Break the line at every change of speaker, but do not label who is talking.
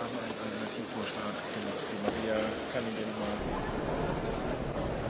haben äh, einen Alternativvorschlag. Äh,
Maria kann den mal